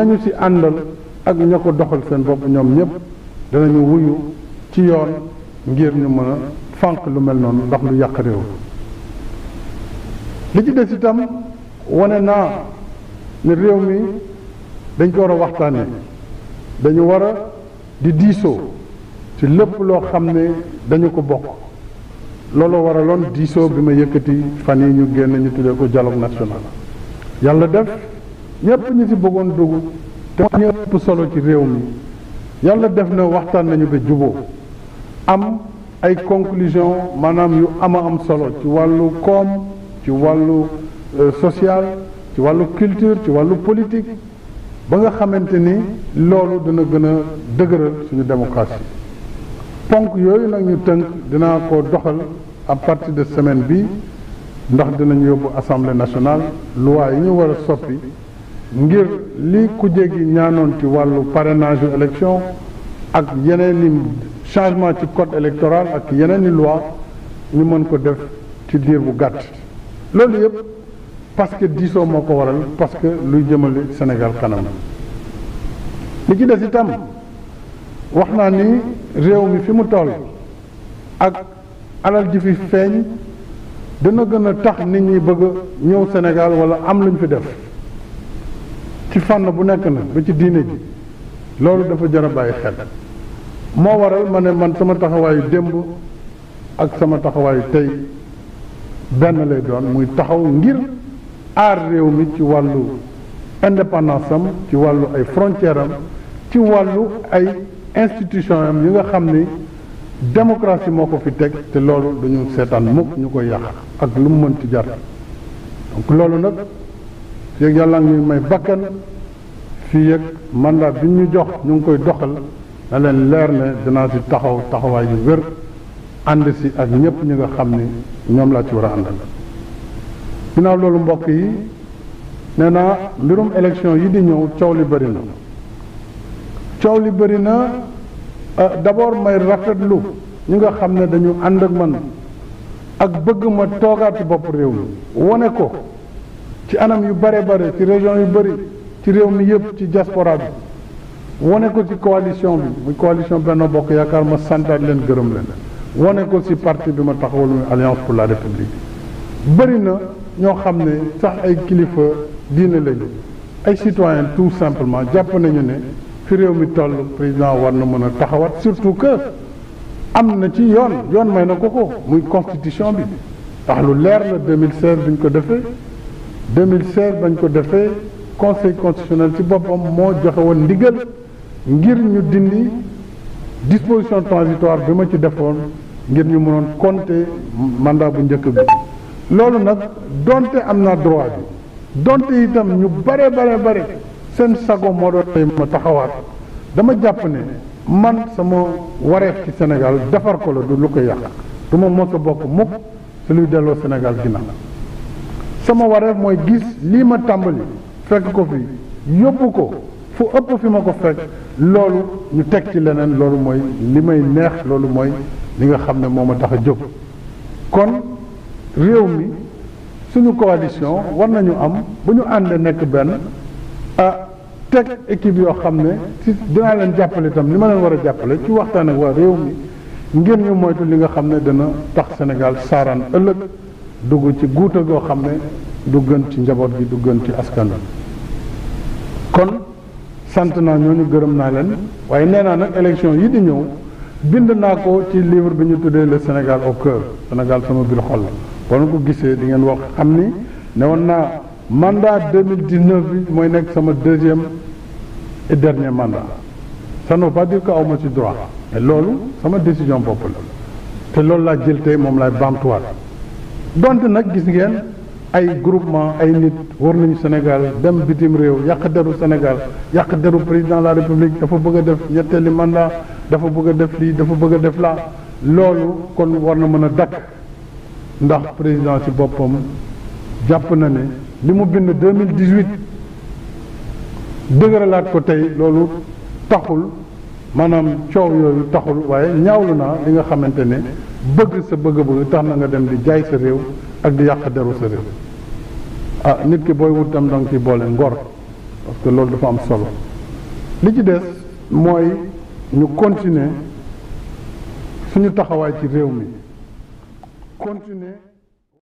dañu ci àndal ak ña ko doxal seen bopp ñoom ñëpp danañu wuyu ci yoon ngir ñu mën a fànq lu mel noonu ndax lu yàq réew li ci des itam wane naa ne réew mi dañ ko war a waxtaane dañu war a di diisoo ci lépp loo xam ne dañu ko bokk loolu waraloon diisoo bi ma yëkkati fan yi ñu génn ñu tuddee ko dialogue national yàlla def ñëpp ñu si bëggoon dugg te ñu solo ci réew mi yàlla def na waxtaan nañu ba juboo am ay conclusion maanaam yu ama am solo ci wàllu koom ci wàllu euh, sociale ci wàllu culture ci wàllu politique ba nga xamante ni loolu dina gën a dëgëral suñu démocratie ponk yooyu nag ñu tënk dinaa ko doxal à partir de semaine bi ndax dinañ yóbbu assemblée nationale loi yi ñu war a soppi ngir li kuje gi ñaanoon ci wàllu parrainage yu ak yeneen i changement ci code électoral ak yeneen i loi ñu mën ko def ci diir bu gàtt loolu yëpp parce que diisoo moo ko waral parce que luy jëmale Sénégal kanam li ci des itam wax naa ni réew mi fi mu toll ak alal ji fi feeñ dina gën a tax nit ñi bëgg ñëw Sénégal wala am luñ fi def ci fànn bu nekk na ba ci diine ji loolu dafa jar a bàyyi xel moo waral ma ne man sama taxawaayu démb ak sama taxawaayu tey benn lay doon muy taxaw ngir aar réew mi ci wàllu indépendance am ci wàllu ay frontière am ci wàllu ay institution am yi nga xam ni démocratie moo ko fi teg te loolu duñu seetaan mukk ñu koy yàq ak lu mu mënti jar donc loolu nag yëg yàlla ngi may bakkan fii yëg mandat bi ñu jox ñu ngi koy doxal na leen leer ne dinaa si taxaw taxawaay yu wér ànd si ak ñëpp ñi nga xam ni ñoom laa ci war a àndal ginnaaw loolu mbokk yi nee na mbirum élection yi di ñëw coow li bëri na coow li bëri na euh, d'abord may rafetlu ñi nga xam ne dañu ànd ak man ak bëgg ma toogaati bopp réew mi wone ko ci anam yu bare bare ci région yu bëri ci réew mi yëpp ci diaspora bi wane ko ci coalition bi muy coalition Benno Bokk Yaakaar ma santaat leen gërëm leen wane ko ci parti bi ma taxawal muy alliance pour la république bëri na ñoo xam ne sax ay kilifa diine lañu ay citoyen tout simplement jàpp nañu ne fi réew mi toll président war na mën a taxawaat surtout que am na ci yoon yoon may na ko ko muy constitution bi ndax lu leer la 2016 bi ñu ko defee 2016 bañ ko defee conseil constitutionnel ci boppam moo joxe woon ndigal ngir ñu dindi disposition transitoire bi ma ci defoon ngir ñu mënoon compter mandat bu njëkk bi loolu nag donte am naa droit bi donte itam ñu bare bare bare seen sago moo doon tey ma taxawaat dama jàpp ne man sama wareef ci Sénégal defar ko la du lu ko yàq du ma mos bokk mukk su luy delloo Sénégal ginnaaw sama wareef mooy gis lii ma tàmbali fekk ko fi yóbbu ko fu ëpp fi ma ko fekk loolu ñu teg ci leneen loolu mooy li may neex loolu mooy li nga xam ne moo ma tax a jóg kon réew mi suñu coalition war nañu am bu ñu àndee nekk benn a teg équipe yoo xam ne si dinaa leen jàppale itam li ma leen war a jàppale ci waxtaan ak waa réew mi ngir ñu moytu li nga xam ne dana tax Sénégal saaraan ëllëg dugg ci guuta goo xam ne du gën ci njaboot gi du gën ci askan wi kon sant naa ñooñu gërëm naa leen waaye nee naa nag élection yi di ñëw bind naa ko ci livre bi ñu tuddee le Sénégal au cœur Sénégal sama biir xol la boo ko gisee di ngeen wax am ni ne woon naa mandat 2019 bi mooy nekk sama deuxième et dernier mandat ça ne veut pas dire ma ci droit mais loolu sama décision bopp la te loolu laa jël tey moom laay baamtuwaat dont nag gis ngeen ay groupement ay nit war nañu Sénégal dem bitim réew yàq deru Sénégal yàq deru président de la république dafa bëgg a def ñetteeli mandat dafa bëgg def lii dafa bëgg a def laa loolu kon war na mën a dakk ndax président ci boppam jàpp na ne li mu bind 2018 dëgëralaat ko tey loolu taxul maanaam coow yooyu taxul waaye ñaawlu naa li nga xamante ne bëgg sa bëgg-bëgg tax na nga dem di jaay sa réew ak di yàq deru sa réew ah nit ki booy wut tam da nga boole ngor parce que loolu dafa am solo li ci des mooy ñu continuer suñu taxawaay ci réew mi continuer